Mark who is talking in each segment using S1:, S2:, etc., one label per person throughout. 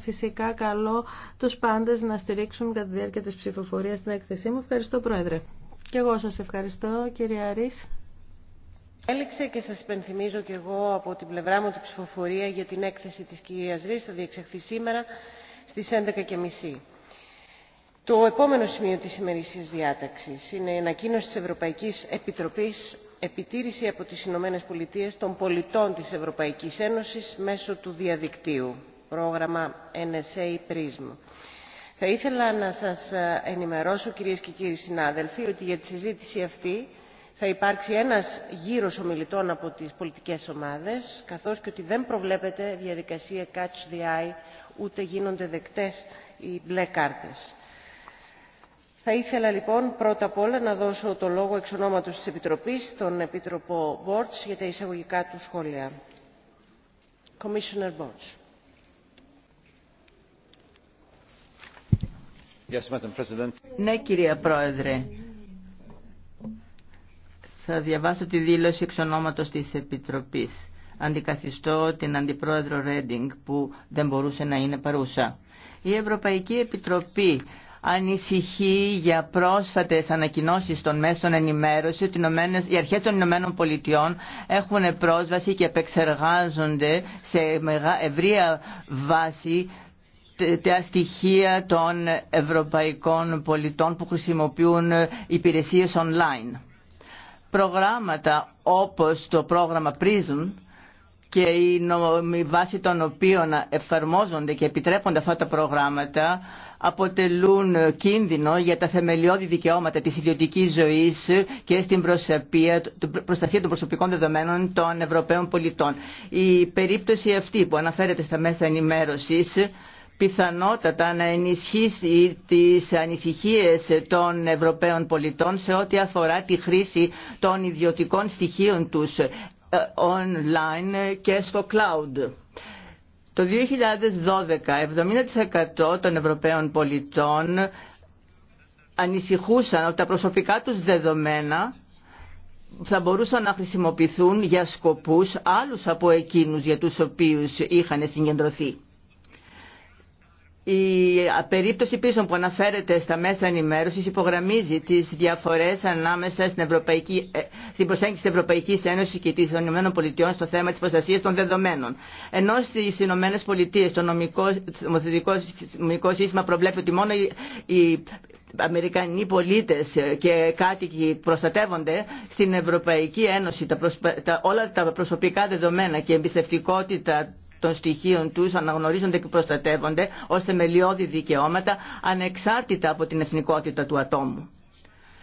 S1: φυσικά καλό τους πάντες να στηρίξουν κατά τη διάρκεια της ψηφοφορίας στην έκθεσή μου. Ευχαριστώ Πρόεδρε. Και εγώ σας ευχαριστώ κύριε Αρής. Έληξε
S2: και σας υπενθυμίζω και εγώ από την πλευρά μου την ψηφοφορία για την έκθεση της κυρίας Ρης θα διεξαχθεί σήμερα στις 11.30. Το επόμενο σημείο της ημερήσιας διάταξης είναι η ανακοίνωση της Ευρωπαϊκής Επιτροπής επιτήρηση από τις Ηνωμένες Πολιτείες των πολιτών της Ευρωπαϊκής Ένωσης μέσω του διαδικτύου πρόγραμμα NSA PRISM. Θα ήθελα να σας ε, ενημερώσω, κυρίες και κύριοι συνάδελφοι, ότι για τη συζήτηση αυτή θα υπάρξει ένας γύρος ομιλητών από τις πολιτικές ομάδες, καθώς και ότι δεν προβλέπεται διαδικασία catch the eye, ούτε γίνονται δεκτές οι μπλε κάρτες. Θα ήθελα λοιπόν πρώτα απ' όλα να δώσω το λόγο εξ ονόματος της Επιτροπής στον Επίτροπο Μπόρτς για τα εισαγωγικά του σχόλια. Commissioner
S3: Ναι, κυρία Πρόεδρε. Θα διαβάσω τη δήλωση εξ ονόματος της Επιτροπής. Αντικαθιστώ την Αντιπρόεδρο Ρέντινγκ που δεν μπορούσε να είναι παρούσα. Η Ευρωπαϊκή Επιτροπή ανησυχεί για πρόσφατες ανακοινώσεις των μέσων ενημέρωση ότι οι αρχές των Ηνωμένων Πολιτειών έχουν πρόσβαση και επεξεργάζονται σε ευρεία βάση τα στοιχεία των ευρωπαϊκών πολιτών που χρησιμοποιούν υπηρεσίες online. Προγράμματα όπως το πρόγραμμα PRISM και η βάση των οποίων εφαρμόζονται και επιτρέπονται αυτά τα προγράμματα αποτελούν κίνδυνο για τα θεμελιώδη δικαιώματα της ιδιωτικής ζωής και στην προστασία των προσωπικών δεδομένων των Ευρωπαίων πολιτών. Η περίπτωση αυτή που αναφέρεται στα μέσα ενημέρωσης πιθανότατα να ενισχύσει τις ανησυχίες των Ευρωπαίων πολιτών σε ό,τι αφορά τη χρήση των ιδιωτικών στοιχείων τους ε, online και στο cloud. Το 2012, 70% των Ευρωπαίων πολιτών ανησυχούσαν ότι τα προσωπικά τους δεδομένα θα μπορούσαν να χρησιμοποιηθούν για σκοπούς άλλους από εκείνους για τους οποίους είχαν συγκεντρωθεί η περίπτωση πίσω που αναφέρεται στα μέσα ενημέρωσης υπογραμμίζει τις διαφορές ανάμεσα στην, Ευρωπαϊκή, ε, στην προσέγγιση της Ευρωπαϊκής Ένωσης και της ΗΠΑ στο θέμα της προστασίας των δεδομένων. Ενώ στις ΗΠΑ το νομικό, νομοθετικό σύστημα προβλέπει ότι μόνο οι Αμερικανοί πολίτες και κάτοικοι προστατεύονται στην Ευρωπαϊκή Ένωση τα όλα τα προσωπικά δεδομένα και η εμπιστευτικότητα των στοιχείων τους αναγνωρίζονται και προστατεύονται ως θεμελιώδη δικαιώματα ανεξάρτητα από την εθνικότητα του ατόμου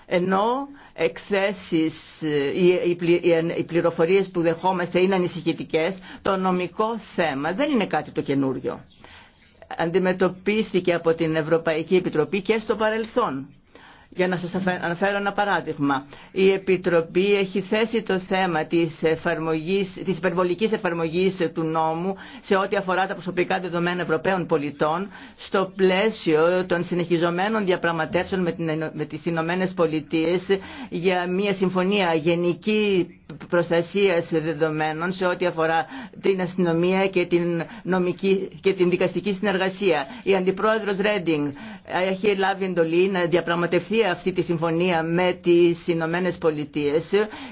S3: ενώ εκθέσεις, ε, οι πληροφορίες που δεχόμαστε είναι ανησυχητικέ, το νομικό θέμα δεν είναι κάτι το καινούριο. Αντιμετωπίστηκε από την Ευρωπαϊκή Επιτροπή και στο παρελθόν. Για να σας αναφέρω ένα παράδειγμα, η Επιτροπή έχει θέσει το θέμα της, εφαρμογής, της υπερβολικής εφαρμογής του νόμου σε ό,τι αφορά τα προσωπικά δεδομένα Ευρωπαίων πολιτών στο πλαίσιο των συνεχιζομένων διαπραγματεύσεων με τις Ηνωμένε Πολιτείε για μια συμφωνία γενική προστασίας δεδομένων σε ό,τι αφορά την αστυνομία και την, νομική, και την δικαστική συνεργασία. Η Αντιπρόεδρος Ρέντινγκ έχει λάβει εντολή να διαπραγματευτεί αυτή τη συμφωνία με τις Ηνωμένε Πολιτείε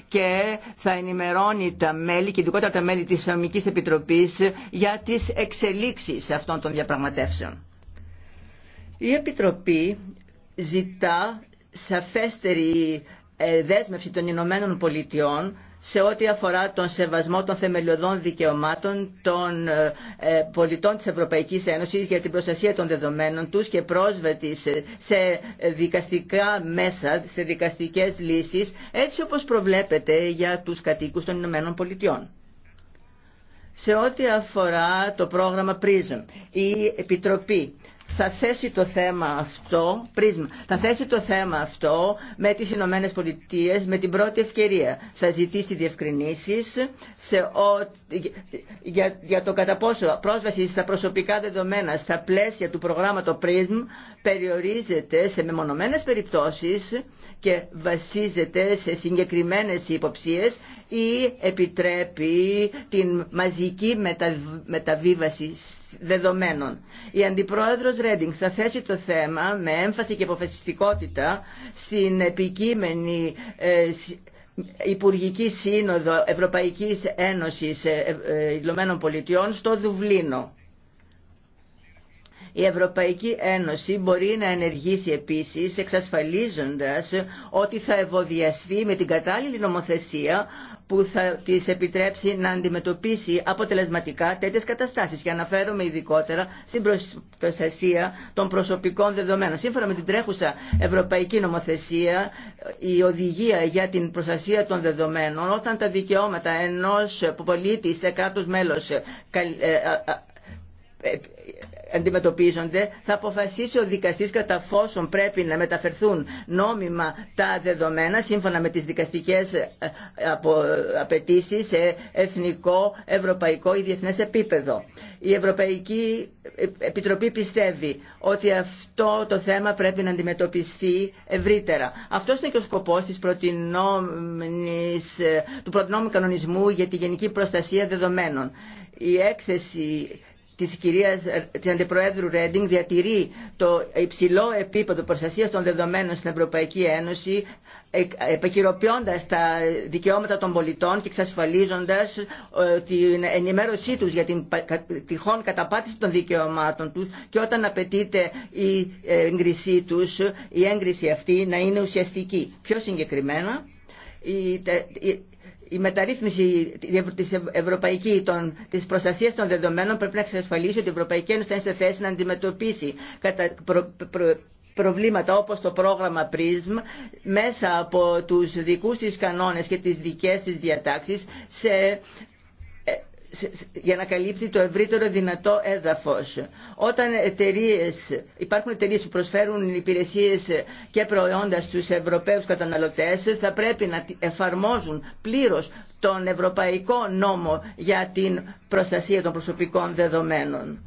S3: και θα ενημερώνει τα μέλη και ειδικότερα τα μέλη της ομικής Επιτροπής για τις εξελίξεις αυτών των διαπραγματεύσεων. Η Επιτροπή ζητά σαφέστερη ε, δέσμευση των Ηνωμένων Πολιτειών σε ό,τι αφορά τον σεβασμό των θεμελιωδών δικαιωμάτων των ε, ε, πολιτών της Ευρωπαϊκής Ένωσης για την προστασία των δεδομένων τους και σε, σε δικαστικά μέσα, σε δικαστικές λύσεις, έτσι όπως προβλέπεται για τους κατοίκους των Ηνωμένων Πολιτειών. Σε ό,τι αφορά το πρόγραμμα PRISM, η Επιτροπή θα θέσει το θέμα αυτό, πρίσμα, θα θέσει το θέμα αυτό με τις Ηνωμένε Πολιτείε με την πρώτη ευκαιρία. Θα ζητήσει διευκρινήσεις σε ο, για, το κατά πόσο πρόσβαση στα προσωπικά δεδομένα στα πλαίσια του προγράμματο PRISM περιορίζεται σε μεμονωμένες περιπτώσεις και βασίζεται σε συγκεκριμένες υποψίες ή επιτρέπει την μαζική μεταβίβαση δεδομένων. Η αντιπρόεδρος κύριος Ρέντινγκ θα θέσει το θέμα με έμφαση και αποφασιστικότητα στην επικείμενη ε, Υπουργική Σύνοδο Ευρωπαϊκής Ένωσης ε, ε, Ηνωμένων Πολιτειών στο Δουβλίνο. Η Ευρωπαϊκή Ένωση μπορεί να ενεργήσει επίσης εξασφαλίζοντας ότι θα ευωδιαστεί με την κατάλληλη νομοθεσία που θα της επιτρέψει να αντιμετωπίσει αποτελεσματικά τέτοιες καταστάσεις και αναφέρομαι ειδικότερα στην προστασία των προσωπικών δεδομένων. Σύμφωνα με την τρέχουσα ευρωπαϊκή νομοθεσία, η οδηγία για την προστασία των δεδομένων, όταν τα δικαιώματα ενός πολίτη σε κράτος μέλος ε, ε, ε, αντιμετωπίζονται θα αποφασίσει ο δικαστής κατά φόσον πρέπει να μεταφερθούν νόμιμα τα δεδομένα σύμφωνα με τις δικαστικές ε, απαιτήσεις σε εθνικό, ευρωπαϊκό ή διεθνές επίπεδο. Η Ευρωπαϊκή Επιτροπή πιστεύει ότι αυτό το θέμα πρέπει να αντιμετωπιστεί ευρύτερα. Αυτό είναι και ο σκοπός της ε, του προτινόμενου κανονισμού για τη γενική προστασία δεδομένων. Η έκθεση της κυρίας ε, της Αντιπροέδρου Ρέντινγκ διατηρεί το υψηλό επίπεδο προστασίας των δεδομένων στην Ευρωπαϊκή Ένωση ε, επικυροποιώντας τα δικαιώματα των πολιτών και εξασφαλίζοντας ε, την ενημέρωσή τους για την τυχόν καταπάτηση των δικαιωμάτων τους και όταν απαιτείται η έγκρισή τους, η έγκριση αυτή να είναι ουσιαστική. Πιο συγκεκριμένα, η μεταρρύθμιση της ευρωπαϊκή των, της προστασίας των δεδομένων πρέπει να εξασφαλίσει ότι η Ευρωπαϊκή Ένωση θα είναι σε θέση να αντιμετωπίσει κατά, προβλήματα όπως το πρόγραμμα PRISM μέσα από τους δικούς της κανόνες και τις δικές της διατάξεις σε για να καλύπτει το ευρύτερο δυνατό έδαφος. Όταν εταιρείες, υπάρχουν εταιρείες που προσφέρουν υπηρεσίες και προϊόντα στους Ευρωπαίους καταναλωτές θα πρέπει να εφαρμόζουν πλήρως τον Ευρωπαϊκό Νόμο για την προστασία των προσωπικών δεδομένων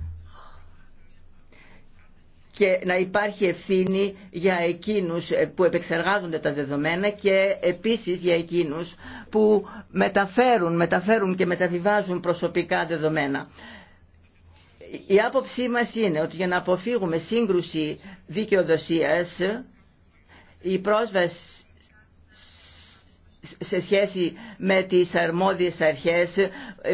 S3: και να υπάρχει ευθύνη για εκείνους ε, που επεξεργάζονται τα δεδομένα και επίσης για εκείνους που μεταφέρουν, μεταφέρουν και μεταβιβάζουν προσωπικά δεδομένα. Η άποψή μας είναι ότι για να αποφύγουμε σύγκρουση δικαιοδοσίας η πρόσβαση σε σχέση με τις αρμόδιες αρχές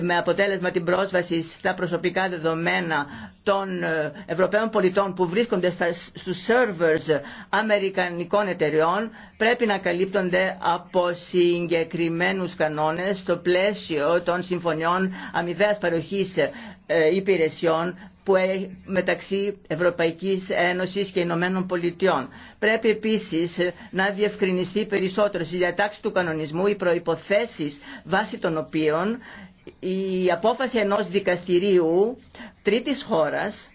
S3: με αποτέλεσμα την πρόσβαση στα προσωπικά δεδομένα των ε, Ευρωπαίων πολιτών που βρίσκονται στους servers αμερικανικών εταιριών πρέπει να καλύπτονται από συγκεκριμένους κανόνες στο πλαίσιο των συμφωνιών αμοιβαίας παροχής ε, υπηρεσιών που ε, μεταξύ Ευρωπαϊκής Ένωσης και Ηνωμένων Πολιτειών. Πρέπει επίσης να διευκρινιστεί περισσότερο στη διατάξη του κανονισμού οι προϋποθέσεις βάσει των οποίων η απόφαση ενός δικαστηρίου τρίτης χώρας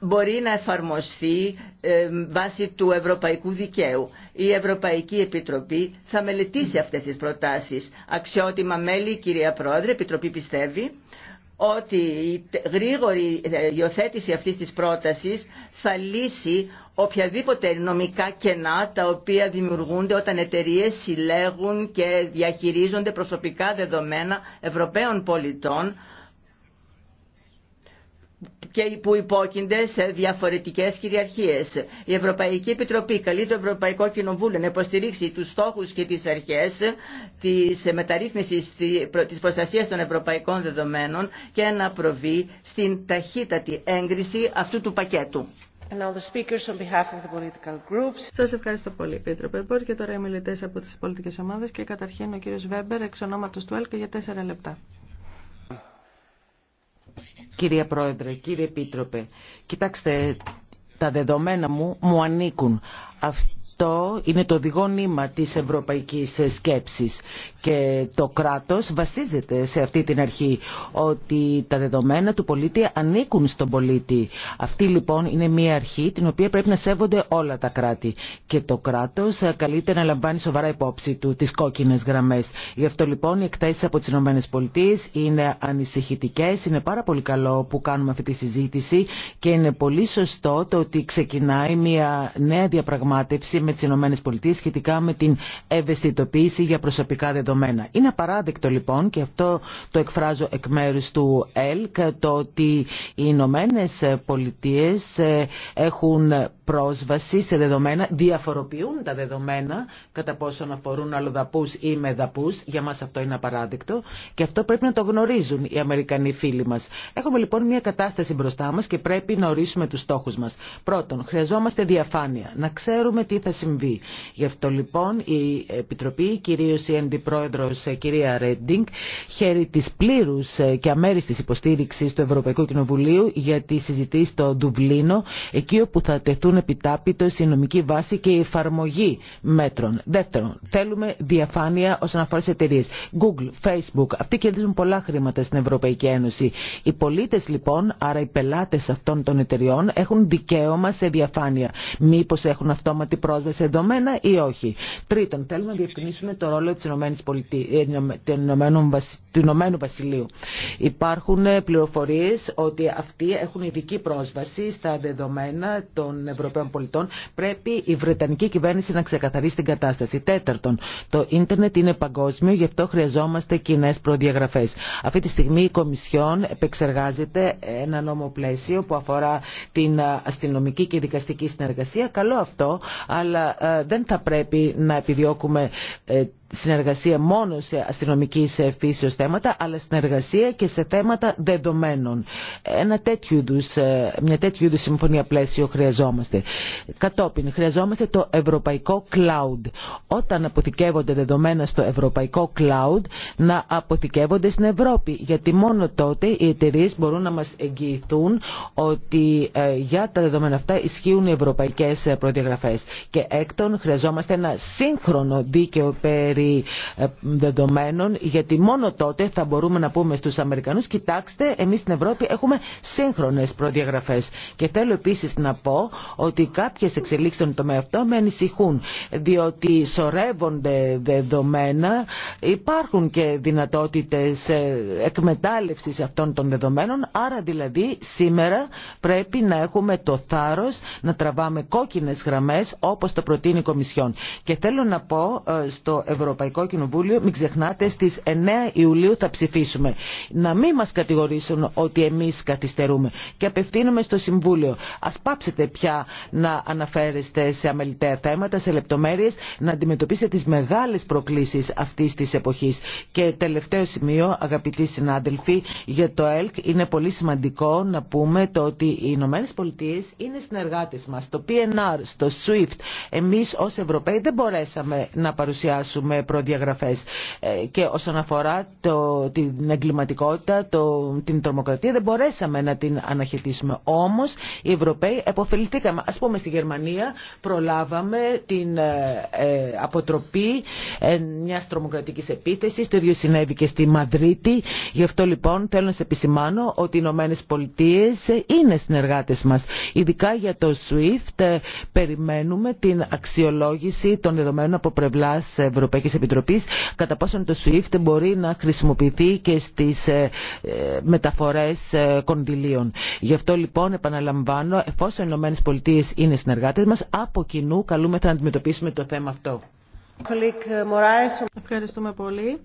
S3: μπορεί να εφαρμοστεί ε, βάσει του ευρωπαϊκού δικαίου. Η Ευρωπαϊκή Επιτροπή θα μελετήσει αυτές τις προτάσεις. Αξιότιμα μέλη, κυρία Πρόεδρε, η Επιτροπή πιστεύει ότι η γρήγορη ε, υιοθέτηση αυτής της πρότασης θα λύσει οποιαδήποτε νομικά κενά τα οποία δημιουργούνται όταν εταιρείες συλλέγουν και διαχειρίζονται προσωπικά δεδομένα Ευρωπαίων πολιτών και που υπόκεινται σε διαφορετικές κυριαρχίες. Η Ευρωπαϊκή Επιτροπή καλεί το Ευρωπαϊκό Κοινοβούλιο να υποστηρίξει τους στόχους και τις αρχές της μεταρρύθμισης της προστασίας των ευρωπαϊκών δεδομένων και να προβεί στην ταχύτατη έγκριση αυτού του πακέτου.
S1: Σα ευχαριστώ πολύ, Πίτρο Περπόρτ, Και τώρα οι μιλητέ από τι πολιτικέ ομάδε και καταρχήν ο κύριο Βέμπερ, εξ ονόματο του ΕΛΚΑ, για τέσσερα λεπτά.
S4: Κύριε Πρόεδρε, κύριε Επίτροπε. Κοιτάξτε, τα δεδομένα μου μου ανήκουν. Αυτή αυτό είναι το οδηγό νήμα της ευρωπαϊκής σκέψης και το κράτος βασίζεται σε αυτή την αρχή ότι τα δεδομένα του πολίτη ανήκουν στον πολίτη. Αυτή λοιπόν είναι μια αρχή την οποία πρέπει να σέβονται όλα τα κράτη και το κράτος καλείται να λαμβάνει σοβαρά υπόψη του τις κόκκινες γραμμές. Γι' αυτό λοιπόν οι εκτάσεις από τις ΗΠΑ είναι ανησυχητικές, είναι πάρα πολύ καλό που κάνουμε αυτή τη συζήτηση και είναι πολύ σωστό το ότι ξεκινάει μια νέα διαπραγμάτευση με τις Ηνωμένες Πολιτείες σχετικά με την ευαισθητοποίηση για προσωπικά δεδομένα. Είναι απαράδεκτο λοιπόν και αυτό το εκφράζω εκ μέρους του ΕΛΚ το ότι οι Ηνωμένε Πολιτείες ε, έχουν πρόσβαση σε δεδομένα, διαφοροποιούν τα δεδομένα κατά πόσον αφορούν αλλοδαπούς ή μεδαπούς. Για μας αυτό είναι απαράδεκτο και αυτό πρέπει να το γνωρίζουν οι Αμερικανοί φίλοι μας. Έχουμε λοιπόν μια κατάσταση μπροστά μας και πρέπει να ορίσουμε τους στόχους μας. Πρώτον, χρειαζόμαστε διαφάνεια, να ξέρουμε τι θα συμβεί. Γι' αυτό λοιπόν η Επιτροπή, κυρίως η Αντιπρόεδρος ε, κυρία Ρέντινγκ, χέρι της πλήρους ε, και αμέριστη υποστήριξης του Ευρωπαϊκού Κοινοβουλίου για τη συζητή στο εκεί όπου θα τεθούν αποτελούν επιτάπητος η νομική βάση και η εφαρμογή μέτρων. Δεύτερον, θέλουμε διαφάνεια όσον αφορά τι εταιρείε. Google, Facebook, αυτοί κερδίζουν πολλά χρήματα στην Ευρωπαϊκή Ένωση. Οι πολίτε λοιπόν, άρα οι πελάτε αυτών των εταιριών, έχουν δικαίωμα σε διαφάνεια. Μήπω έχουν αυτόματη πρόσβαση σε δεδομένα ή όχι. Τρίτον, θέλουμε να διευκρινίσουμε το ρόλο τη ε, Ηνωμένου Βασιλείου. Υπάρχουν πληροφορίε ότι αυτοί έχουν ειδική πρόσβαση στα δεδομένα των Ευρωπαϊκών Ευρωπαίων πολιτών, πρέπει η Βρετανική κυβέρνηση να ξεκαθαρίσει την κατάσταση. Τέταρτον, το ίντερνετ είναι παγκόσμιο, γι' αυτό χρειαζόμαστε κοινέ προδιαγραφέ. Αυτή τη στιγμή η Κομισιόν επεξεργάζεται ένα νόμο πλαίσιο που αφορά την ε, αστυνομική και δικαστική συνεργασία. Καλό αυτό, αλλά ε, δεν θα πρέπει να επιδιώκουμε ε, συνεργασία μόνο σε αστυνομική ε, φύσεως θέματα, αλλά συνεργασία και σε θέματα δεδομένων. Ένα τέτοιου είδους, ε, μια τέτοιου είδους συμφωνία πλαίσιο χρειαζόμαστε. Κατόπιν, χρειαζόμαστε το ευρωπαϊκό cloud. Όταν αποθηκεύονται δεδομένα στο ευρωπαϊκό cloud, να αποθηκεύονται στην Ευρώπη, γιατί μόνο τότε οι εταιρείε μπορούν να μας εγγυηθούν ότι ε, για τα δεδομένα αυτά ισχύουν οι ευρωπαϊκές προδιαγραφές. Και έκτον, χρειαζόμαστε ένα σύγχρονο δίκαιο περί ε, δεδομένων γιατί μόνο τότε θα μπορούμε να πούμε στους Αμερικανούς κοιτάξτε εμείς στην Ευρώπη έχουμε σύγχρονες προδιαγραφές και θέλω επίσης να πω ότι κάποιες εξελίξεις στον τομέα αυτό με ανησυχούν διότι σωρεύονται δεδομένα υπάρχουν και δυνατότητες ε, εκμετάλλευσης αυτών των δεδομένων άρα δηλαδή σήμερα πρέπει να έχουμε το θάρρος να τραβάμε κόκκινες γραμμές όπως το προτείνει η Κομισιόν και θέλω να πω ε, στο Ευρωπαϊκό Ευρωπαϊκό Κοινοβούλιο, μην ξεχνάτε, στις 9 Ιουλίου θα ψηφίσουμε. Να μην μας κατηγορήσουν ότι εμείς καθυστερούμε. Και απευθύνουμε στο Συμβούλιο. Ας πάψετε πια να αναφέρεστε σε αμεληταία θέματα, σε λεπτομέρειες, να αντιμετωπίσετε τις μεγάλες προκλήσεις αυτής της εποχής. Και τελευταίο σημείο, αγαπητοί συνάδελφοι, για το ΕΛΚ είναι πολύ σημαντικό να πούμε το ότι οι Ηνωμένε Πολιτείε είναι συνεργάτες μας. Το PNR, στο SWIFT, εμείς ως Ευρωπαίοι δεν μπορέσαμε να παρουσιάσουμε προδιαγραφές. Ε, και όσον αφορά το, την εγκληματικότητα, το, την τρομοκρατία, δεν μπορέσαμε να την αναχαιτήσουμε. Όμως οι Ευρωπαίοι επωφεληθήκαμε. Ας πούμε στη Γερμανία προλάβαμε την ε, ε, αποτροπή ε, μιας τρομοκρατικής επίθεσης. Το ίδιο συνέβη και στη Μαδρίτη. Γι' αυτό λοιπόν θέλω να σε επισημάνω ότι οι Ηνωμένε Πολιτείε είναι συνεργάτες μας. Ειδικά για το SWIFT περιμένουμε την αξιολόγηση των δεδομένων από πλευρά Ευρωπαϊκή Ευρωπαϊκής κατά πόσον το SWIFT μπορεί να χρησιμοποιηθεί και στις ε, ε, μεταφορές ε, κονδυλίων. Γι' αυτό λοιπόν επαναλαμβάνω, εφόσον οι ΗΠΑ είναι συνεργάτες μας, από κοινού καλούμεθα να αντιμετωπίσουμε το θέμα αυτό.
S1: Ευχαριστούμε πολύ.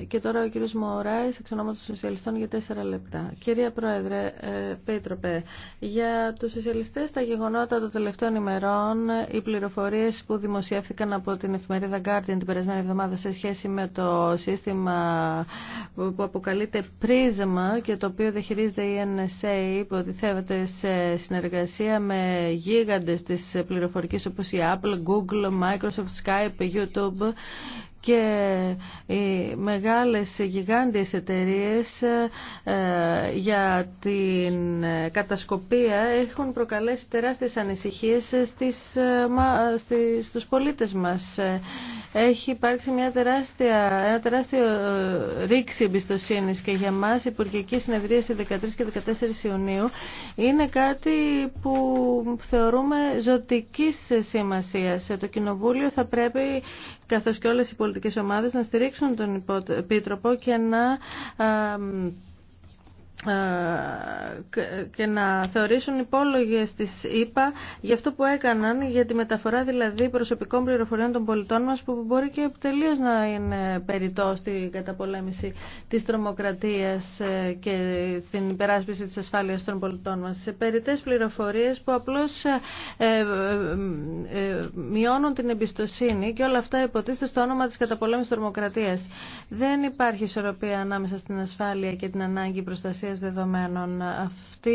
S1: Ε, και τώρα ο κύριος Μωράης, εξ ονόματος των Σοσιαλιστών, για τέσσερα λεπτά. Κυρία Πρόεδρε, ε, Πέτροπε, για τους σοσιαλιστές τα γεγονότα των τελευταίων ημερών, οι πληροφορίες που δημοσιεύθηκαν από την εφημερίδα Guardian την περασμένη εβδομάδα σε σχέση με το σύστημα που αποκαλείται Prisma και το οποίο διαχειρίζεται η NSA, που οδηθεύεται σε συνεργασία με γίγαντες της πληροφορικής όπως η Apple, Google, Microsoft, Skype, YouTube και οι μεγάλες γιγάντιες εταιρείες ε, για την κατασκοπία έχουν προκαλέσει τεράστιες ανησυχίες στις, ε, στις, στους πολίτες μας έχει υπάρξει μια τεράστια, ένα τεράστιο ε, ρήξη εμπιστοσύνη και για μα η Υπουργική Συνεδρίαση 13 και 14 Ιουνίου είναι κάτι που θεωρούμε ζωτική σημασία. Το Κοινοβούλιο θα πρέπει, καθώ και όλε οι πολιτικέ ομάδε, να στηρίξουν τον Επίτροπο και να ε, και να θεωρήσουν υπόλογες της ΕΠΑ για αυτό που έκαναν, για τη μεταφορά δηλαδή προσωπικών πληροφοριών των πολιτών μας που μπορεί και τελείως να είναι περιττό στην καταπολέμηση της τρομοκρατίας ε, και στην υπεράσπιση της ασφάλειας των πολιτών μας. Σε περιττές πληροφορίες που απλώς ε, ε, μειώνουν την εμπιστοσύνη και όλα αυτά υποτίθεται στο όνομα της καταπολέμησης της τρομοκρατίας. Δεν υπάρχει ισορροπία ανάμεσα στην ασφάλεια και την ανάγκη προστασία δεδομένων. Αυτή,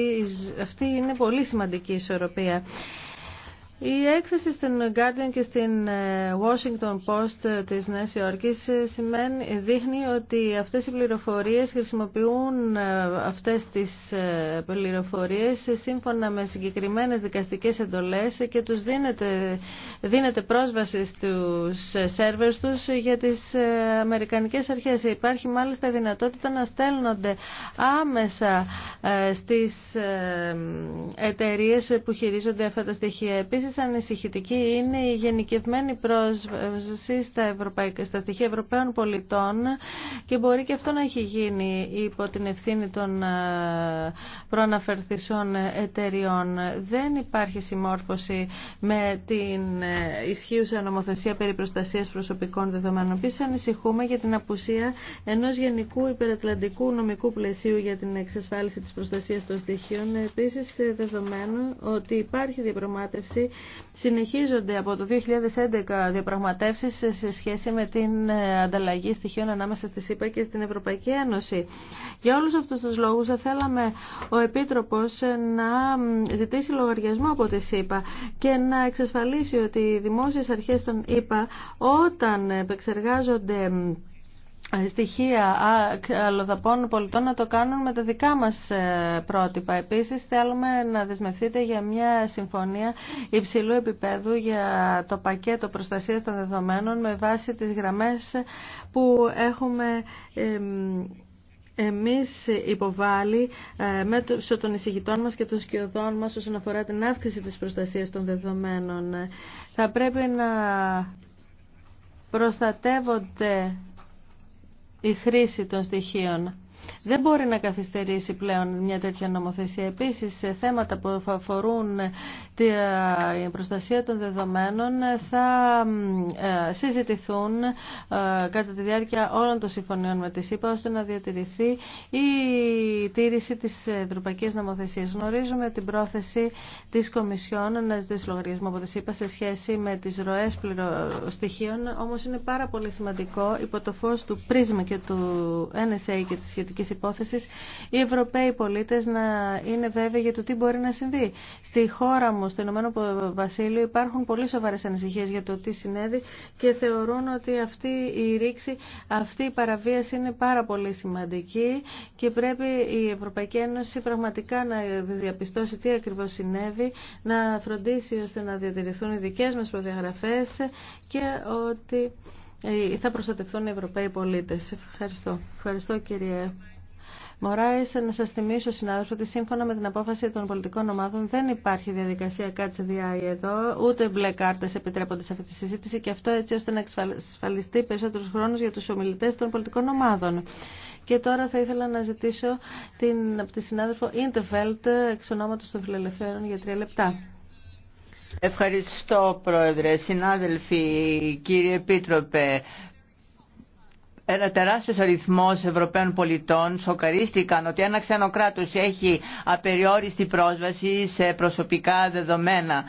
S1: αυτή είναι πολύ σημαντική ισορροπία. Η έκθεση στην Guardian και στην ε, Washington Post της Νέας Υόρκης ε, σημαίνει, δείχνει ότι αυτές οι πληροφορίες χρησιμοποιούν ε, αυτές τις πληροφορίες σύμφωνα με συγκεκριμένες δικαστικές εντολές και τους δίνεται, δίνεται πρόσβαση στους σερβερς τους για τις Αμερικανικές αρχές. Υπάρχει μάλιστα δυνατότητα να στέλνονται άμεσα στις εταιρείες που χειρίζονται αυτά τα στοιχεία. Επίσης ανησυχητική είναι η γενικευμένη πρόσβαση στα, ευρωπαϊκά, στα στοιχεία Ευρωπαίων πολιτών και μπορεί και αυτό να έχει γίνει υπό την ευθύνη των ε, προαναφερθήσεων εταιριών. Δεν υπάρχει συμμόρφωση με την ε, ισχύουσα νομοθεσία περί προστασίας προσωπικών δεδομένων. Επίσης ανησυχούμε για την απουσία ενός γενικού υπερατλαντικού νομικού πλαισίου για την εξασφάλιση της προστασίας των στοιχείων. Επίσης δεδομένου ότι υπάρχει διαπραγμάτευση Συνεχίζονται από το 2011 διαπραγματεύσεις σε σχέση με την ε, ανταλλαγή στοιχείων ανάμεσα στη ΣΥΠΑ και στην Ευρωπαϊκή Ένωση. Για όλους αυτούς τους λόγους θα θέλαμε ο Επίτροπος ε, να ζητήσει λογαριασμό από τη ΣΥΠΑ και να εξασφαλίσει ότι οι δημόσιες αρχές των ΗΠΑ όταν επεξεργάζονται ε, στοιχεία αλλοδαπών πολιτών να το κάνουν με τα δικά μας ε, πρότυπα. Επίσης θέλουμε να δεσμευτείτε για μια συμφωνία υψηλού επίπεδου για το πακέτο προστασίας των δεδομένων με βάση τις γραμμές που έχουμε εμείς υποβάλει ε, με των εισηγητών μας και των σκιωδών μας όσον αφορά την αύξηση της προστασίας των δεδομένων. Θα πρέπει να προστατεύονται η χρήση των στοιχείων δεν μπορεί να καθυστερήσει πλέον μια τέτοια νομοθεσία. Επίσης, σε θέματα που αφορούν την ε, προστασία των δεδομένων θα ε, συζητηθούν ε, κατά τη διάρκεια όλων των συμφωνιών με τη ΣΥΠΑ ώστε να διατηρηθεί η τήρηση της ευρωπαϊκής νομοθεσίας. Γνωρίζουμε την πρόθεση της Κομισιόν να ζητήσει λογαριασμό από τη ΣΥΠΑ σε σχέση με τις ροές πληροστοιχείων, όμως είναι πάρα πολύ σημαντικό υπό το φως του πρίσμα και του NSA και της υπόθεσης οι Ευρωπαίοι πολίτες να είναι βέβαιοι για το τι μπορεί να συμβεί. Στη χώρα μου, στο Ηνωμένο Βασίλειο, υπάρχουν πολύ σοβαρές ανησυχίες για το τι συνέβη και θεωρούν ότι αυτή η ρήξη, αυτή η παραβίαση είναι πάρα πολύ σημαντική και πρέπει η Ευρωπαϊκή Ένωση πραγματικά να διαπιστώσει τι ακριβώς συνέβη, να φροντίσει ώστε να διατηρηθούν οι δικές μας προδιαγραφές και ότι θα προστατευτούν οι Ευρωπαίοι πολίτε Ευχαριστώ. Ευχαριστώ κύριε Μωράης, να σας θυμίσω συνάδελφοι ότι σύμφωνα με την απόφαση των πολιτικών ομάδων δεν υπάρχει διαδικασία κάτσε διάει εδώ, ούτε μπλε κάρτες επιτρέπονται σε αυτή τη συζήτηση και αυτό έτσι ώστε να εξασφαλιστεί περισσότερος χρόνο για τους ομιλητές των πολιτικών ομάδων. Και τώρα θα ήθελα να ζητήσω την, από τη συνάδελφο Ιντεφέλτ εξ ονόματος των Φιλελευθέρων για τρία λεπτά.
S3: Ευχαριστώ Πρόεδρε, συνάδελφοι, κύριε Επίτροπε ένα τεράστιο αριθμό Ευρωπαίων πολιτών σοκαρίστηκαν ότι ένα ξένο κράτο έχει απεριόριστη πρόσβαση σε προσωπικά δεδομένα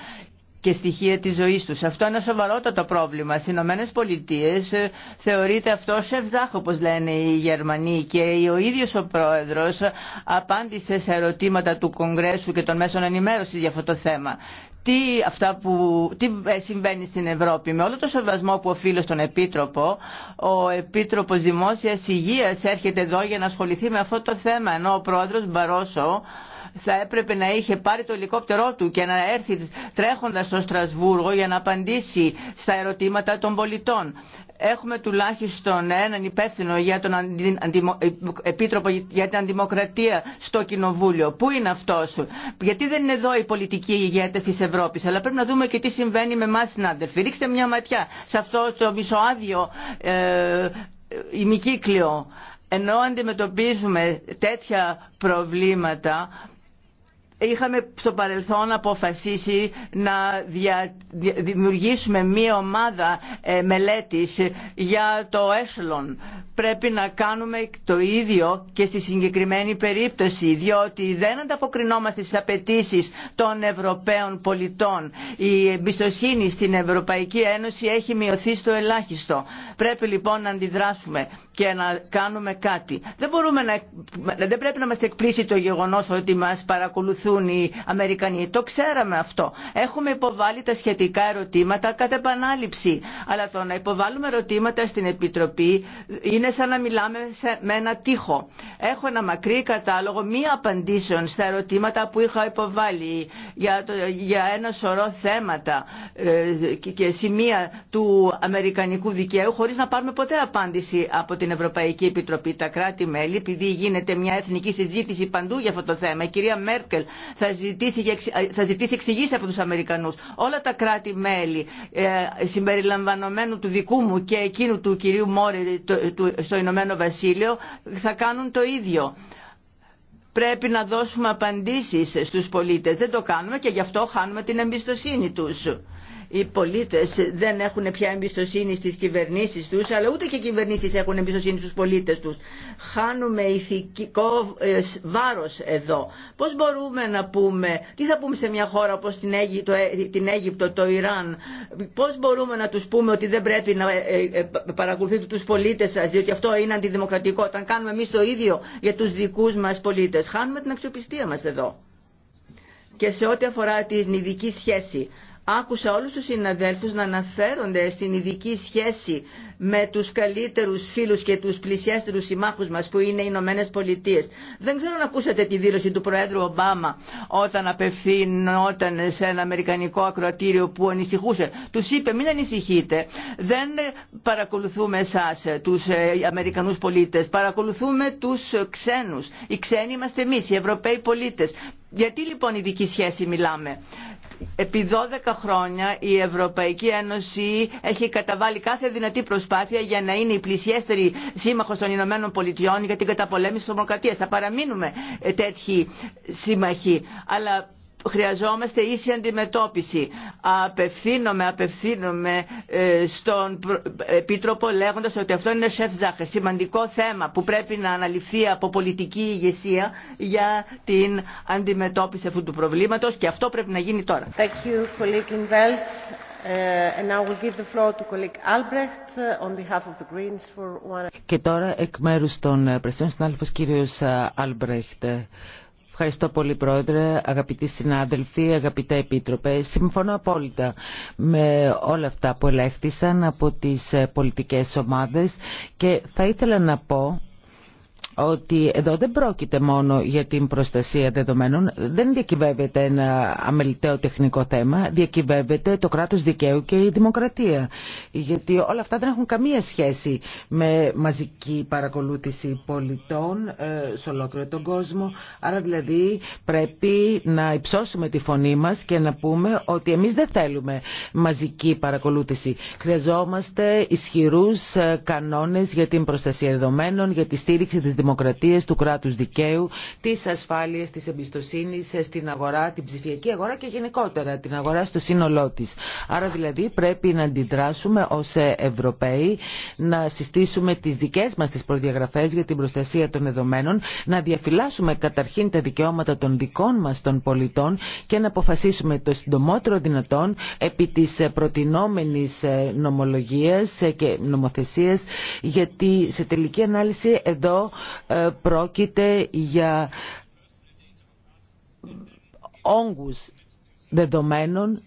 S3: και στοιχεία της ζωής τους. Αυτό είναι ένα σοβαρότατο πρόβλημα. Στι Ηνωμένε Πολιτείε ε, θεωρείται αυτό σε όπω όπως λένε οι Γερμανοί. Και ο ίδιος ο πρόεδρος απάντησε σε ερωτήματα του Κογκρέσου και των μέσων ενημέρωσης για αυτό το θέμα τι, αυτά που, τι ε, συμβαίνει στην Ευρώπη. Με όλο το σεβασμό που οφείλω στον Επίτροπο, ο Επίτροπος Δημόσιας Υγείας έρχεται εδώ για να ασχοληθεί με αυτό το θέμα, ενώ ο Πρόεδρος Μπαρόσο θα έπρεπε να είχε πάρει το ελικόπτερό του και να έρθει τρέχοντας στο Στρασβούργο για να απαντήσει στα ερωτήματα των πολιτών. Έχουμε τουλάχιστον έναν υπεύθυνο για τον Επίτροπο για την Αντιμοκρατία στο Κοινοβούλιο. Πού είναι αυτός. Γιατί δεν είναι εδώ οι πολιτικοί ηγέτε τη Ευρώπη, Αλλά πρέπει να δούμε και τι συμβαίνει με εμά, συνάδελφοι. Ρίξτε μια ματιά σε αυτό το μισοάδιο ε, ημικύκλιο. Ενώ αντιμετωπίζουμε τέτοια προβλήματα είχαμε στο παρελθόν αποφασίσει να δημιουργήσουμε μία ομάδα ε, μελέτης για το έσλον. Πρέπει να κάνουμε το ίδιο και στη συγκεκριμένη περίπτωση, διότι δεν ανταποκρινόμαστε στις απαιτήσεις των Ευρωπαίων πολιτών. Η εμπιστοσύνη στην Ευρωπαϊκή Ένωση έχει μειωθεί στο ελάχιστο. Πρέπει λοιπόν να αντιδράσουμε και να κάνουμε κάτι. Δεν, μπορούμε να... δεν πρέπει να μας εκπλήσει το γεγονός ότι μας παρακολουθούν ακολουθούν οι Αμερικανοί. Το ξέραμε αυτό. Έχουμε υποβάλει τα σχετικά ερωτήματα κατά επανάληψη. Αλλά το να υποβάλουμε ερωτήματα στην Επιτροπή είναι σαν να μιλάμε σε, με ένα τείχο. Έχω ένα μακρύ κατάλογο μη απαντήσεων στα ερωτήματα που είχα υποβάλει για, το, για ένα σωρό θέματα ε, και, σημεία του Αμερικανικού δικαίου χωρίς να πάρουμε ποτέ απάντηση από την Ευρωπαϊκή Επιτροπή. Τα κράτη-μέλη, επειδή γίνεται μια εθνική συζήτηση παντού για αυτό το θέμα, η κυρία Μέρκελ θα ζητήσει, ε, θα ζητήσει εξηγήσει από τους Αμερικανούς. Όλα τα κράτη-μέλη ε, συμπεριλαμβανομένου του δικού μου και εκείνου του κυρίου Μόρε στο Ηνωμένο Βασίλειο θα κάνουν το ίδιο. Πρέπει να δώσουμε απαντήσεις στους πολίτες. Δεν το κάνουμε και γι' αυτό χάνουμε την εμπιστοσύνη τους οι πολίτες δεν έχουν πια εμπιστοσύνη στις κυβερνήσεις τους, αλλά ούτε και οι κυβερνήσεις έχουν εμπιστοσύνη στους πολίτες τους. Χάνουμε ηθικό ε, βάρος εδώ. Πώς μπορούμε να πούμε, τι θα πούμε σε μια χώρα όπως την, Αίγυ, ε, την Αίγυπτο, το Ιράν, πώς μπορούμε να τους πούμε ότι δεν πρέπει να ε, παρακολουθείτε τους πολίτες σας, διότι αυτό είναι αντιδημοκρατικό, όταν κάνουμε εμείς το ίδιο για τους δικούς μας πολίτες. Χάνουμε την αξιοπιστία μας εδώ και σε ό,τι αφορά την ειδική σχέση άκουσα όλους τους συναδέλφους να αναφέρονται στην ειδική σχέση με τους καλύτερους φίλους και τους πλησιέστερους συμμάχους μας που είναι οι Ηνωμένε Πολιτείες. Δεν ξέρω αν ακούσατε τη δήλωση του Προέδρου Ομπάμα όταν απευθυνόταν σε ένα Αμερικανικό ακροατήριο που ανησυχούσε. Τους είπε μην ανησυχείτε, δεν παρακολουθούμε εσά τους ε, Αμερικανούς πολίτες, παρακολουθούμε τους ξένους. Οι ξένοι είμαστε εμείς, οι Ευρωπαίοι πολίτες. Γιατί λοιπόν ειδική σχέση μιλάμε. Επί 12 χρόνια η Ευρωπαϊκή Ένωση έχει καταβάλει κάθε δυνατή προσπάθεια για να είναι η πλησιέστερη σύμμαχος των Ηνωμένων Πολιτειών για την καταπολέμηση της ομοκρατίας. Θα παραμείνουμε τέτοιοι σύμμαχοι. Αλλά χρειαζόμαστε ίση αντιμετώπιση. Απευθύνομαι, απευθύνομαι ε, στον Επίτροπο λέγοντας ότι αυτό είναι σεφζάχ, σημαντικό θέμα που πρέπει να αναλυφθεί από πολιτική ηγεσία για την αντιμετώπιση αυτού του προβλήματος και αυτό πρέπει να γίνει τώρα. Και τώρα εκ
S4: μέρους των ε, Πρεσιών συνάδελφος κύριος ε, Albrecht. Ευχαριστώ πολύ Πρόεδρε, αγαπητοί συνάδελφοι, αγαπητά Επίτροπε. Συμφωνώ απόλυτα με όλα αυτά που ελέγχθησαν από τις πολιτικές ομάδες και θα ήθελα να πω ότι εδώ δεν πρόκειται μόνο για την προστασία δεδομένων, δεν διακυβεύεται ένα αμεληταίο τεχνικό θέμα, διακυβεύεται το κράτος δικαίου και η δημοκρατία. Γιατί όλα αυτά δεν έχουν καμία σχέση με μαζική παρακολούθηση πολιτών ε, σε ολόκληρο τον κόσμο. Άρα δηλαδή πρέπει να υψώσουμε τη φωνή μας και να πούμε ότι εμείς δεν θέλουμε μαζική παρακολούθηση. Χρειαζόμαστε ισχυρούς ε, κανόνες για την προστασία δεδομένων, για τη στήριξη της δημοκρατίας δημοκρατίας, του κράτου δικαίου, τη ασφάλεια, τη εμπιστοσύνη, στην αγορά, την ψηφιακή αγορά και γενικότερα την αγορά στο σύνολό τη. Άρα δηλαδή πρέπει να αντιδράσουμε ω Ευρωπαίοι, να συστήσουμε τι δικέ μα τι προδιαγραφέ για την προστασία των δεδομένων, να διαφυλάσσουμε καταρχήν τα δικαιώματα των δικών μα των πολιτών και να αποφασίσουμε το συντομότερο δυνατόν επί τη προτινόμενη νομολογία και νομοθεσία, γιατί σε τελική ανάλυση εδώ ε, πρόκειται για όγκους δεδομένων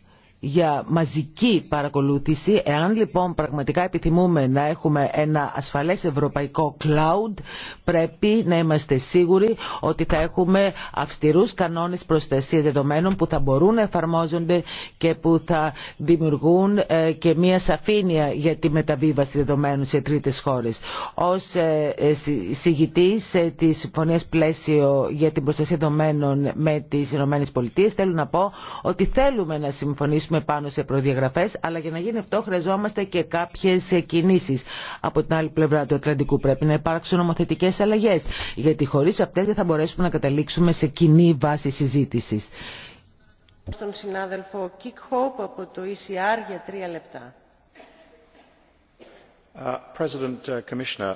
S4: για μαζική παρακολούθηση. Εάν λοιπόν πραγματικά επιθυμούμε να έχουμε ένα ασφαλές ευρωπαϊκό cloud, πρέπει να είμαστε σίγουροι ότι θα έχουμε αυστηρούς κανόνες προστασίας δεδομένων που θα μπορούν να εφαρμόζονται και που θα δημιουργούν ε, και μία σαφήνεια για τη μεταβίβαση δεδομένων σε τρίτες χώρες. Ως ε, ε, συγητής της Συμφωνίας Πλαίσιο για την Προστασία Δεδομένων με τις ΗΠΑ θέλω να πω ότι θέλουμε να συμφωνήσουμε πάνω σε προδιαγραφές, αλλά για να γίνει αυτό χρειαζόμαστε και κάποιες κινήσεις. Από την άλλη πλευρά του Ατλαντικού πρέπει να υπάρξουν νομοθετικές αλλαγές, γιατί χωρίς αυτές δεν θα μπορέσουμε να καταλήξουμε σε κοινή βάση συζήτησης.
S2: Στον συνάδελφο Κικ από το ECR για τρία λεπτά.
S3: Uh, President, uh, Commissioner.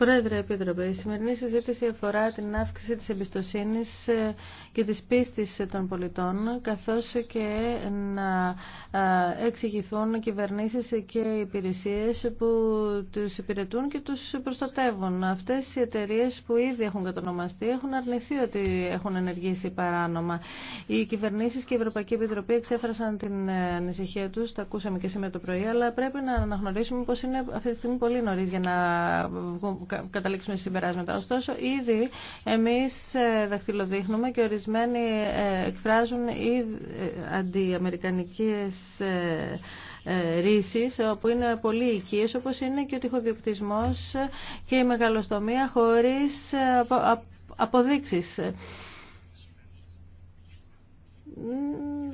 S1: Πρόεδρε Επίτροπε, η σημερινή συζήτηση αφορά την αύξηση της εμπιστοσύνης ε, και της πίστης των πολιτών, καθώς και να ε, εξηγηθούν κυβερνήσεις και υπηρεσίες που τους υπηρετούν και τους προστατεύουν. Αυτές οι εταιρείε που ήδη έχουν κατονομαστεί έχουν αρνηθεί ότι έχουν ενεργήσει παράνομα. Οι κυβερνήσεις και η Ευρωπαϊκή Επιτροπή εξέφρασαν την ε, ανησυχία τους, τα ακούσαμε και σήμερα το πρωί, αλλά πρέπει να αναγνωρίσουμε πως είναι αυτή τη στιγμή πολύ νωρίς για να καταλήξουμε συμπεράσματα. Ωστόσο, ήδη εμείς ε, δαχτυλοδείχνουμε και ορισμένοι ε, εκφράζουν ε, αντιαμερικανικές ρήσεις όπου είναι πολύ οικίες όπως είναι και ο τυχοδιοκτισμός και η μεγαλοστομία χωρίς αποδείξεις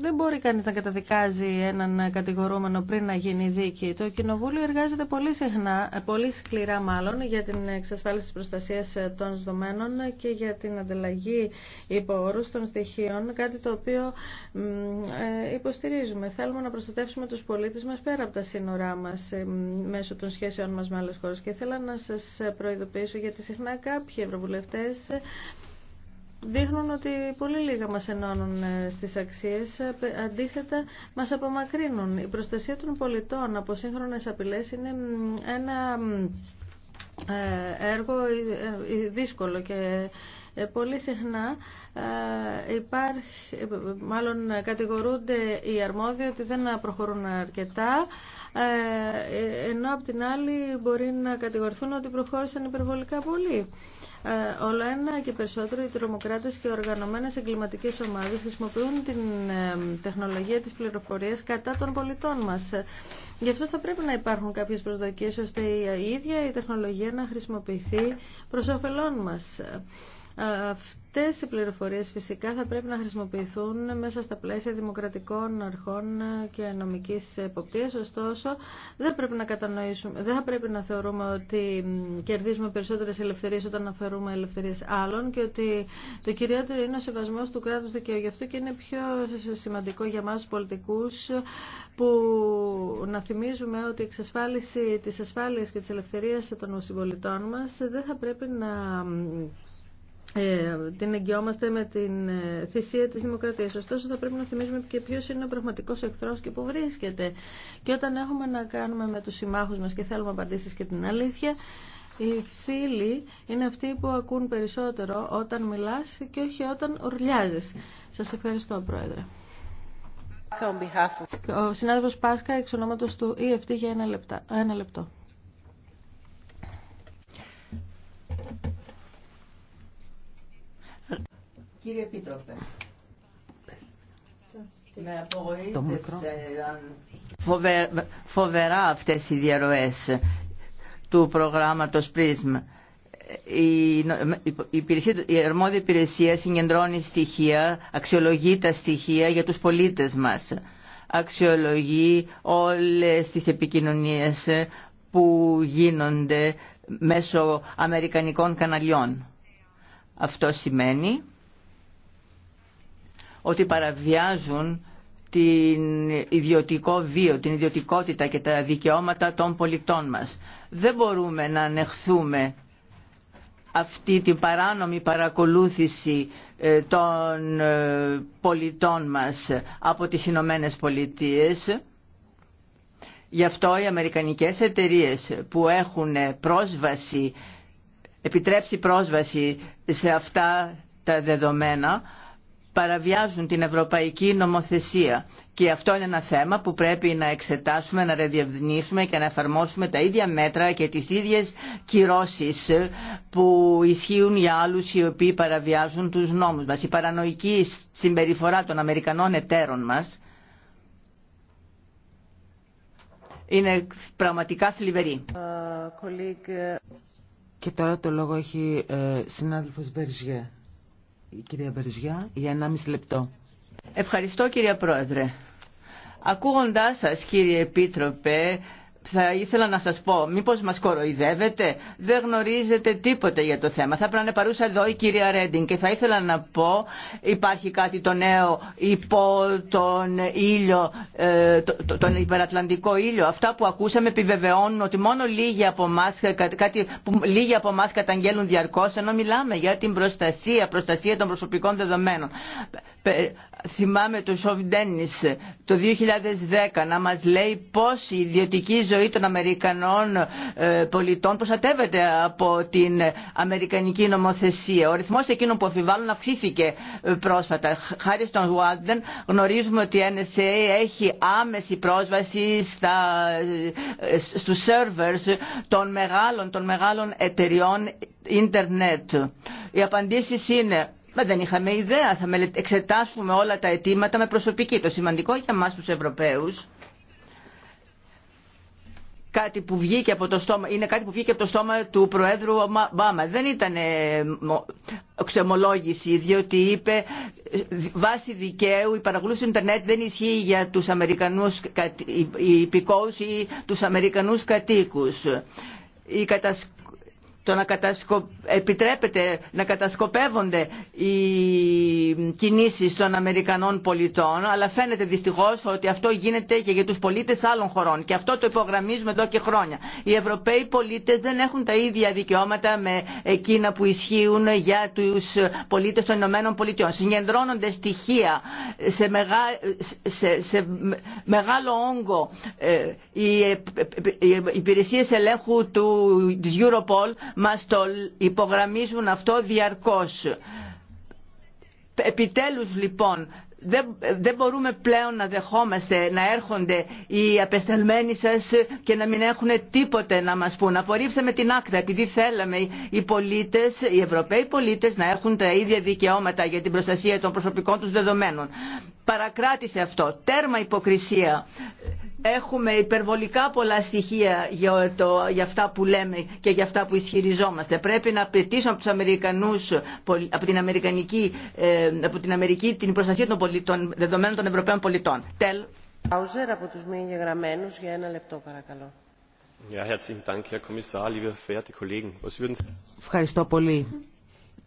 S1: δεν μπορεί κανείς να καταδικάζει έναν κατηγορούμενο πριν να γίνει δίκη. Το Κοινοβούλιο εργάζεται πολύ, συχνά, πολύ σκληρά μάλλον για την εξασφάλιση της προστασίας των δεδομένων και για την ανταλλαγή υπόρου των στοιχείων, κάτι το οποίο ε, υποστηρίζουμε. Θέλουμε να προστατεύσουμε τους πολίτες μας πέρα από τα σύνορά μας ε, μέσω των σχέσεων μας με άλλες χώρες. Και ήθελα να σας προειδοποιήσω γιατί συχνά κάποιοι ευρωβουλευτές δείχνουν ότι πολύ λίγα μας ενώνουν ε, στις αξίες, ε, αντίθετα μας απομακρύνουν. Η προστασία των πολιτών από σύγχρονες απειλές είναι ένα ε, έργο δύσκολο και πολύ συχνά υπάρχει, μάλλον κατηγορούνται οι αρμόδιοι ότι δεν προχωρούν αρκετά ενώ από την άλλη μπορεί να κατηγορηθούν ότι προχώρησαν υπερβολικά πολύ. Ε, όλο ένα και περισσότερο οι τρομοκράτες και οργανωμένες εγκληματικές ομάδες χρησιμοποιούν την ε, τεχνολογία της πληροφορίας κατά των πολιτών μας. Ε, γι' αυτό θα πρέπει να υπάρχουν κάποιες προσδοκίες ώστε η ίδια η τεχνολογία να χρησιμοποιηθεί προς όφελόν μας. Αυτές οι πληροφορίες φυσικά θα πρέπει να χρησιμοποιηθούν μέσα στα πλαίσια δημοκρατικών αρχών και νομικής εποπτείας. Ωστόσο, δεν, πρέπει να κατανοήσουμε, δεν θα πρέπει να θεωρούμε ότι κερδίζουμε περισσότερες ελευθερίες όταν αφαιρούμε ελευθερίες άλλων και ότι το κυριότερο είναι ο σεβασμός του κράτους δικαίου. Γι' αυτό και είναι πιο σημαντικό για μας τους πολιτικούς που να θυμίζουμε ότι η εξασφάλιση της ασφάλειας και της ελευθερίας των συμπολιτών μας δεν θα πρέπει να ε, την εγγυόμαστε με την ε, θυσία της δημοκρατίας. Ωστόσο θα πρέπει να θυμίζουμε και ποιος είναι ο πραγματικός εχθρός και που βρίσκεται. Και όταν έχουμε να κάνουμε με τους συμμάχους μας και θέλουμε απαντήσεις και την αλήθεια, οι φίλοι είναι αυτοί που ακούν περισσότερο όταν μιλάς και όχι όταν ουρλιάζεις. Σας ευχαριστώ, Πρόεδρε. Ο συνάδελφος Πάσκα, εξ του EFT, για ένα λεπτό.
S3: Κύριε Επίτροπε, με φοβερά αυτές οι διαρροές του προγράμματος PRISM. Η, υπηρεσία, η αρμόδια υπηρεσία συγκεντρώνει στοιχεία, αξιολογεί τα στοιχεία για τους πολίτες μας. Αξιολογεί όλες τις επικοινωνίες που γίνονται μέσω αμερικανικών καναλιών. Αυτό σημαίνει ότι παραβιάζουν την ιδιωτικό βίο, την ιδιωτικότητα και τα δικαιώματα των πολιτών μας. Δεν μπορούμε να ανεχθούμε αυτή την παράνομη παρακολούθηση ε, των ε, πολιτών μας από τις Ηνωμένε Πολιτείες. Γι' αυτό οι αμερικανικές εταιρείες που έχουν πρόσβαση, επιτρέψει πρόσβαση σε αυτά τα δεδομένα, παραβιάζουν την ευρωπαϊκή νομοθεσία. Και αυτό είναι ένα θέμα που πρέπει να εξετάσουμε, να ρεδιευνήσουμε και να εφαρμόσουμε τα ίδια μέτρα και τις ίδιες κυρώσεις που ισχύουν για άλλους οι οποίοι παραβιάζουν τους νόμους μας. Η παρανοϊκή συμπεριφορά των Αμερικανών εταίρων μας είναι πραγματικά θλιβερή. Και τώρα το λόγο έχει ε, συνάδελφος η κυρία Βερζιά, για 1,5 λεπτό. Ευχαριστώ κυρία Πρόεδρε. Ακούγοντα σας κύριε Επίτροπε, θα ήθελα να σας πω, μήπως μας κοροϊδεύετε, δεν γνωρίζετε τίποτε για το θέμα. Θα πρέπει να είναι παρούσα εδώ η κυρία Ρέντιν και θα ήθελα να πω, υπάρχει κάτι το νέο υπό τον ήλιο, ε, τον υπερατλαντικό ήλιο. Αυτά που ακούσαμε επιβεβαιώνουν ότι μόνο λίγοι από εμάς, κάτι που καταγγέλουν διαρκώς, ενώ μιλάμε για την προστασία, προστασία των προσωπικών δεδομένων θυμάμαι τον Ντένις το 2010 να μας λέει πώς η ιδιωτική ζωή των Αμερικανών ε, πολιτών προστατεύεται από την Αμερικανική νομοθεσία. Ο ρυθμός εκείνων που αφιβάλλουν αυξήθηκε ε, πρόσφατα. Χάρη στον Γουάντεν γνωρίζουμε ότι η NSA έχει άμεση πρόσβαση στα, ε, στους σερβέρς των μεγάλων, των μεγάλων εταιριών ίντερνετ. Οι απαντήσεις είναι Μα δεν είχαμε ιδέα. Θα εξετάσουμε όλα τα αιτήματα με προσωπική. Το σημαντικό για εμά του Ευρωπαίους κάτι που βγήκε από το στόμα, είναι κάτι που βγήκε από το στόμα του Προέδρου Ομπάμα. Δεν ήταν οξεμολόγηση, διότι είπε βάση δικαίου η παραγωγή του Ιντερνετ δεν ισχύει για τους Αμερικανούς υπηκόους ή τους Αμερικανούς κατοίκους. Η κατασκευη το να επιτρέπεται να κατασκοπεύονται οι κινήσεις των Αμερικανών πολιτών, αλλά φαίνεται δυστυχώς ότι αυτό γίνεται και για τους πολίτες άλλων χωρών. Και αυτό το υπογραμμίζουμε εδώ και χρόνια. Οι Ευρωπαίοι πολίτες δεν έχουν τα ίδια δικαιώματα με εκείνα που ισχύουν για τους πολίτες των Ηνωμένων Πολιτειών. Συγκεντρώνονται στοιχεία σε, μεγάλο όγκο ε, ε, ε, οι υπηρεσίες ελέγχου του... της Europol μας το υπογραμμίζουν αυτό διαρκώς. Επιτέλους λοιπόν δεν, δεν μπορούμε πλέον να δεχόμαστε να έρχονται οι απεσταλμένοι σας και να μην έχουν τίποτε να μας πούν. Απορρίψαμε την άκτα επειδή θέλαμε οι πολίτες, οι Ευρωπαίοι πολίτες να έχουν τα ίδια δικαιώματα για την προστασία των προσωπικών τους δεδομένων. Παρακράτησε αυτό. Τέρμα υποκρισία έχουμε υπερβολικά πολλά στοιχεία για, το, για αυτά που λέμε και για αυτά που ισχυριζόμαστε. Πρέπει να απαιτήσουμε από τους Αμερικανούς, από την, Αμερικανική, ε, από την Αμερική την προστασία των, πολιτών, δεδομένων των Ευρωπαίων πολιτών. Τελ.
S2: Άουζερ από τους μη γεγραμμένους για
S4: ένα λεπτό παρακαλώ. Ευχαριστώ πολύ.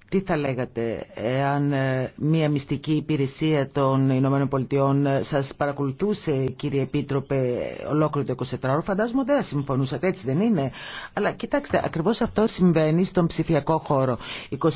S4: Τι θα λέγατε εάν ε, μια μυστική υπηρεσία των Ηνωμένων Πολιτειών ε, σας παρακολουθούσε κύριε Επίτροπε ολόκληρο το 24ωρο φαντάζομαι δεν θα συμφωνούσατε έτσι δεν είναι αλλά κοιτάξτε ακριβώς αυτό συμβαίνει στον ψηφιακό χώρο 24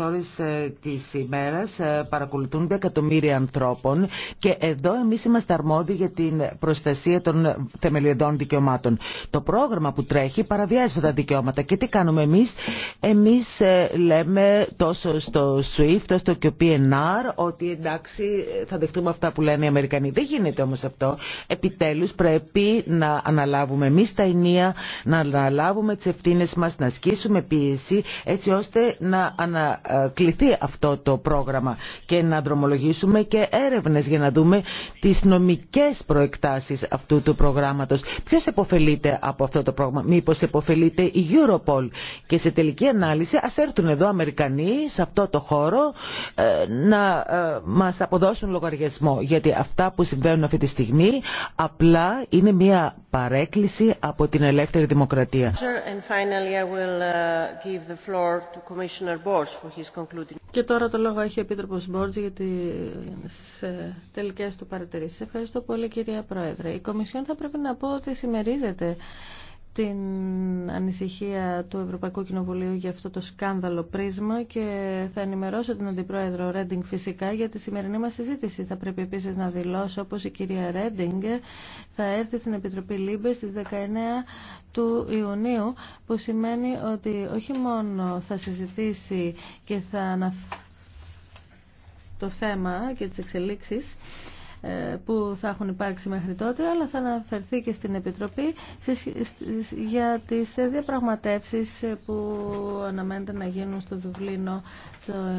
S4: ώρες ε, της ημέρας παρακολουθούνται εκατομμύρια ανθρώπων και εδώ εμείς είμαστε αρμόδιοι για την προστασία των θεμελιωδών δικαιωμάτων το πρόγραμμα που τρέχει παραβιάζει αυτά τα δικαιώματα και τι κάνουμε εμείς εμείς λέμε τόσο στο SWIFT, όσο και ο PNR, ότι εντάξει θα δεχτούμε αυτά που λένε οι Αμερικανοί. Δεν γίνεται όμως αυτό. Επιτέλους πρέπει να αναλάβουμε εμεί τα ενία, να αναλάβουμε τις ευθύνε μας, να ασκήσουμε πίεση, έτσι ώστε να ανακληθεί αυτό το πρόγραμμα και να δρομολογήσουμε και έρευνες για να δούμε τις νομικές προεκτάσεις αυτού του προγράμματος. Ποιος επωφελείται από αυτό το πρόγραμμα, μήπως επωφελείται η Europol. Και σε τελική ανάλυση ας έρθουν εδώ Αμερικανοί σε αυτό το χώρο ε, να ε, μας αποδώσουν λογαριασμό. Γιατί αυτά που συμβαίνουν αυτή τη στιγμή απλά είναι μια παρέκκληση από την ελεύθερη δημοκρατία. Uh,
S1: Και τώρα το λόγο έχει ο Επίτροπος Μπόρτζ για τις ε, τελικές του παρατηρήσεις. Ευχαριστώ πολύ κυρία Πρόεδρε. Η Κομισιόν θα πρέπει να πω ότι συμμερίζεται την ανησυχία του Ευρωπαϊκού Κοινοβουλίου για αυτό το σκάνδαλο πρίσμα και θα ενημερώσω την Αντιπρόεδρο Ρέντινγκ φυσικά για τη σημερινή μας συζήτηση. Θα πρέπει επίσης να δηλώσω όπως η κυρία Ρέντινγκ θα έρθει στην Επιτροπή Λίμπε στις 19 του Ιουνίου που σημαίνει ότι όχι μόνο θα συζητήσει και θα αναφέρει το θέμα και τις εξελίξεις ε, που θα έχουν υπάρξει μέχρι τότε, αλλά θα αναφερθεί και στην Επιτροπή για τις ε, διαπραγματεύσεις ε, που αναμένεται να γίνουν στο Δουβλίνο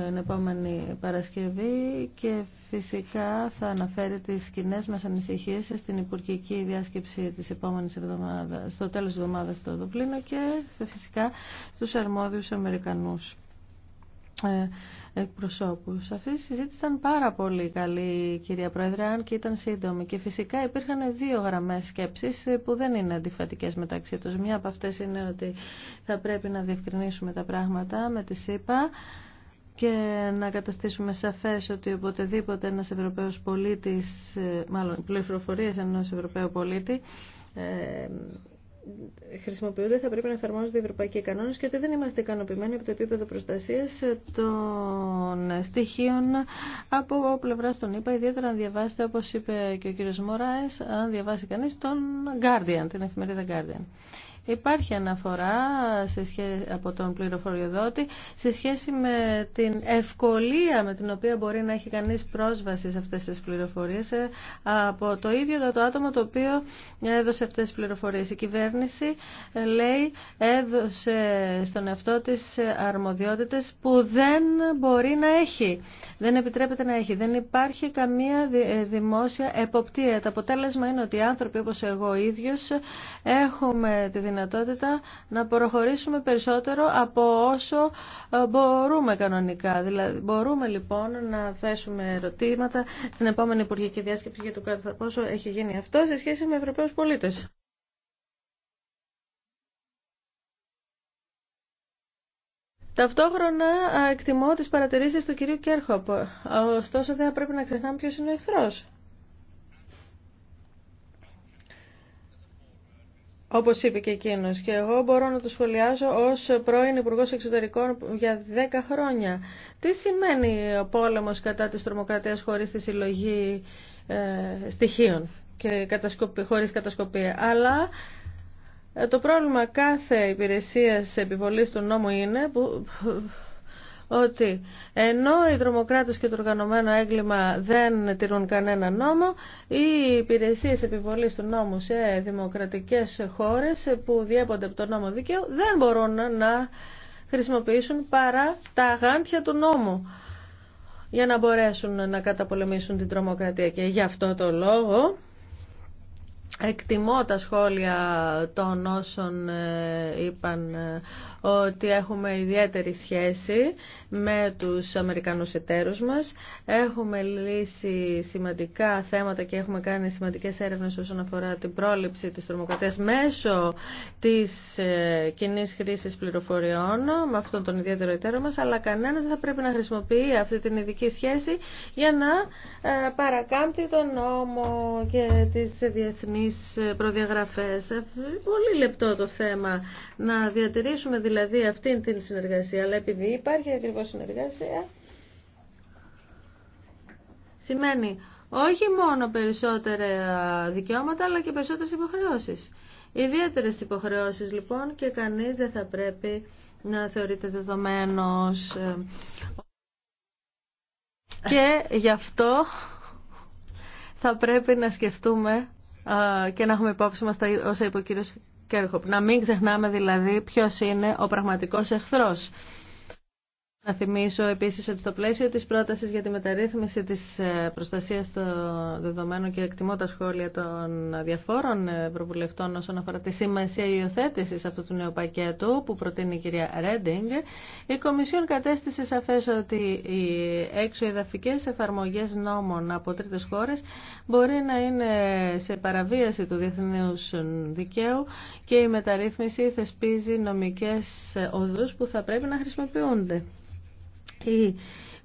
S1: την επόμενη Παρασκευή και φυσικά θα αναφέρει τις κοινέ μας ανησυχίες στην Υπουργική Διάσκεψη της επόμενης εβδομάδας, στο τέλος της εβδομάδας στο Δουβλίνο και φυσικά στους αρμόδιους Αμερικανούς. Ε, εκπροσώπου. Αυτή η συζήτηση ήταν πάρα πολύ καλή, κυρία Πρόεδρε, αν και ήταν σύντομη. Και φυσικά υπήρχαν δύο γραμμέ σκέψης που δεν είναι αντιφατικέ μεταξύ του. Μια από αυτέ είναι ότι θα πρέπει να διευκρινίσουμε τα πράγματα με τη ΣΥΠΑ και να καταστήσουμε σαφές ότι οποτεδήποτε ένας Ευρωπαίος πολίτης, ε, μάλλον πληροφορίε ενό Ευρωπαίου πολίτη, ε, χρησιμοποιούνται θα πρέπει να εφαρμόζονται οι ευρωπαϊκοί κανόνες και ότι δεν είμαστε ικανοποιημένοι από το επίπεδο προστασίας των στοιχείων από πλευρά των ΗΠΑ, ιδιαίτερα αν διαβάσετε όπως είπε και ο κύριος Μωράες, αν διαβάσει κανείς τον Guardian, την εφημερίδα Guardian. Υπάρχει αναφορά σε σχέση, από τον πληροφοριοδότη σε σχέση με την ευκολία με την οποία μπορεί να έχει κανείς πρόσβαση σε αυτές τις πληροφορίες ε, από το ίδιο το άτομο το οποίο έδωσε αυτές τις πληροφορίες. Η κυβέρνηση ε, λέει έδωσε στον εαυτό της ε, αρμοδιότητες που δεν μπορεί να έχει. Δεν επιτρέπεται να έχει. Δεν υπάρχει καμία δημόσια εποπτεία. Το αποτέλεσμα είναι ότι οι άνθρωποι όπως εγώ ίδιος έχουμε τη δυνατότητα να προχωρήσουμε περισσότερο από όσο ε, μπορούμε κανονικά. Δηλαδή, μπορούμε λοιπόν να θέσουμε ερωτήματα στην επόμενη Υπουργική Διάσκεψη για το πόσο έχει γίνει αυτό σε σχέση με Ευρωπαίους πολίτες. Ταυτόχρονα ε, εκτιμώ τις παρατηρήσεις του κυρίου Κέρχοπ. Ε, ωστόσο δεν πρέπει να ξεχνάμε ποιος είναι ο εχθρός. Όπως είπε και εκείνος. Και εγώ μπορώ να το σχολιάζω ως πρώην Υπουργός Εξωτερικών για 10 χρόνια. Τι σημαίνει ο πόλεμος κατά της τρομοκρατίας χωρίς τη συλλογή ε, στοιχείων και κατασκοπή, χωρίς κατασκοπία. Αλλά ε, το πρόβλημα κάθε υπηρεσίας επιβολής του νόμου είναι που ότι ενώ οι τρομοκράτες και το οργανωμένο έγκλημα δεν τηρούν κανένα νόμο, οι υπηρεσίες επιβολής του νόμου σε δημοκρατικές χώρες που διέπονται από το νόμο δίκαιο δεν μπορούν να χρησιμοποιήσουν παρά τα αγάντια του νόμου για να μπορέσουν να καταπολεμήσουν την τρομοκρατία. Και γι' αυτό το λόγο Εκτιμώ τα σχόλια των όσων ε, είπαν ε, ότι έχουμε ιδιαίτερη σχέση με τους Αμερικανούς εταίρους μας. Έχουμε λύσει σημαντικά θέματα και έχουμε κάνει σημαντικές έρευνες όσον αφορά την πρόληψη της τρομοκρατίας μέσω της ε, κοινή χρήση πληροφοριών με αυτόν τον ιδιαίτερο εταίρο μας, αλλά κανένας δεν θα πρέπει να χρησιμοποιεί αυτή την ειδική σχέση για να παρακάμπτει τον νόμο και τις διεθνείς τις ε, προδιαγραφές. Ε, πολύ λεπτό το θέμα να διατηρήσουμε δηλαδή αυτήν την συνεργασία. Αλλά επειδή υπάρχει ακριβώς συνεργασία, σημαίνει όχι μόνο περισσότερα δικαιώματα, αλλά και περισσότερες υποχρεώσεις. Ιδιαίτερες υποχρεώσεις λοιπόν και κανείς δεν θα πρέπει να θεωρείται δεδομένος. Και γι' αυτό θα πρέπει να σκεφτούμε και να έχουμε υπόψη μας τα όσα είπε ο κύριος Κέρχοπ. Να μην ξεχνάμε δηλαδή ποιος είναι ο πραγματικός εχθρός. Να θυμίσω επίσης ότι στο πλαίσιο της πρότασης για τη μεταρρύθμιση της ε, προστασίας των δεδομένων και εκτιμώ τα σχόλια των διαφόρων ευρωβουλευτών όσον αφορά τη σημασία υιοθέτηση αυτού του νέου πακέτου που προτείνει η κυρία Ρέντινγκ, η Κομισιόν κατέστησε σαφές ότι οι έξω εδαφικές εφαρμογές νόμων από τρίτες χώρες μπορεί να είναι σε παραβίαση του διεθνούς δικαίου και η μεταρρύθμιση θεσπίζει νομικές οδούς που θα πρέπει να χρησιμοποιούνται. Η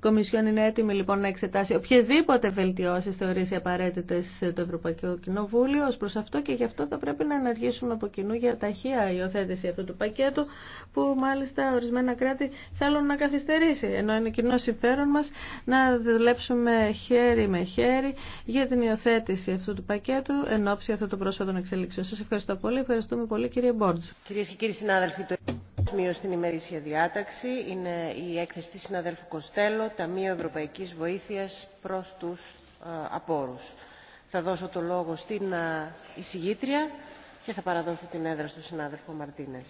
S1: Κομισιόν είναι έτοιμη λοιπόν να εξετάσει οποιασδήποτε βελτιώσει θεωρήσει απαραίτητε το Ευρωπαϊκό Κοινοβούλιο. Ω προ αυτό και γι' αυτό θα πρέπει να ενεργήσουμε από κοινού για ταχεία υιοθέτηση αυτού του πακέτου, που μάλιστα ορισμένα κράτη θέλουν να καθυστερήσει. Ενώ είναι κοινό συμφέρον μα να δουλέψουμε χέρι με χέρι για την υιοθέτηση αυτού του πακέτου εν ώψη αυτών των πρόσφατων εξελίξεων. Σα ευχαριστώ πολύ. Ευχαριστούμε πολύ, κύριε Μπόρτζ.
S2: Κυρίε και κύριοι συνάδελφοι, Σημείο στην ημερήσια διάταξη είναι η έκθεση της συναδέλφου Κοστέλο, Ταμείο Ευρωπαϊκής Βοήθειας προς τους ε, απόρους. Θα δώσω το λόγο στην ε, εισηγήτρια και θα παραδώσω την έδρα στον συνάδελφο Μαρτίνες.